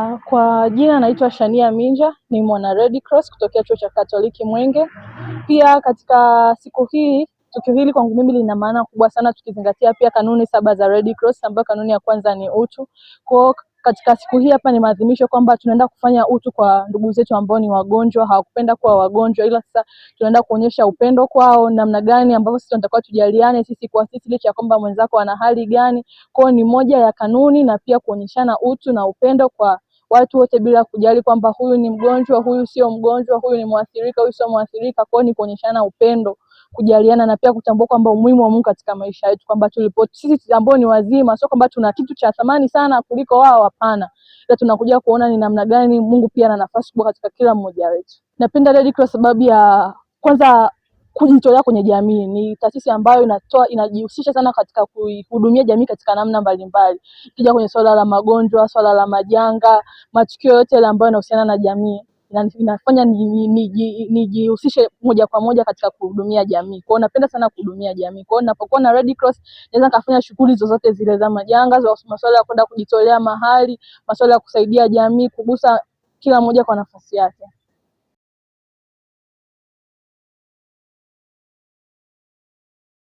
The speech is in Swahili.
Ah, kwa jina naitwa Shania Minja, ni mwana Red Cross kutokea chuo cha Katoliki Mwenge. Pia katika siku hii, tukio hili kwangu mimi lina maana kubwa sana, tukizingatia pia kanuni saba za Red Cross, ambayo kanuni ya kwanza ni utu. Kwa katika siku hii hapa ni maadhimisho kwamba tunaenda kufanya utu kwa ndugu zetu ambao ni wagonjwa, hawakupenda kuwa wagonjwa, ila sasa tunaenda kuonyesha upendo kwao, namna gani ambavyo sisi tunatakiwa tujaliane sisi kwa sisi, licha ya kwamba mwenzako ana hali gani. Kwao ni moja ya kanuni, na pia kuonyeshana utu na upendo kwa watu wote bila kujali kwamba huyu ni mgonjwa, huyu sio mgonjwa, huyu ni mwathirika, huyu sio mwathirika. Kwao ni kuonyeshana upendo, kujaliana na pia kutambua kwamba umuhimu wa Mungu katika maisha yetu, kwamba tulipo sisi ambao ni wazima, sio kwamba tuna kitu cha thamani sana kuliko wao, hapana, ila tunakuja kuona ni namna gani Mungu pia ana nafasi kubwa katika kila mmoja wetu. Napenda Red Cross sababu ya kwanza kujitolea kwenye jamii. Ni taasisi ambayo inatoa inajihusisha sana katika kuhudumia jamii katika namna mbalimbali, ikija kwenye swala la magonjwa, swala la majanga, matukio yote yale ambayo yanahusiana na jamii inafanya nijihusishe moja kwa moja katika kuhudumia jamii. kwao. napenda sana kuhudumia jamii. kwao, napokuwa na Red Cross naweza nikafanya shughuli zozote zile za majanga, za masuala ya kwenda kujitolea mahali, masuala ya kusaidia jamii, kugusa kila mmoja kwa nafasi yake.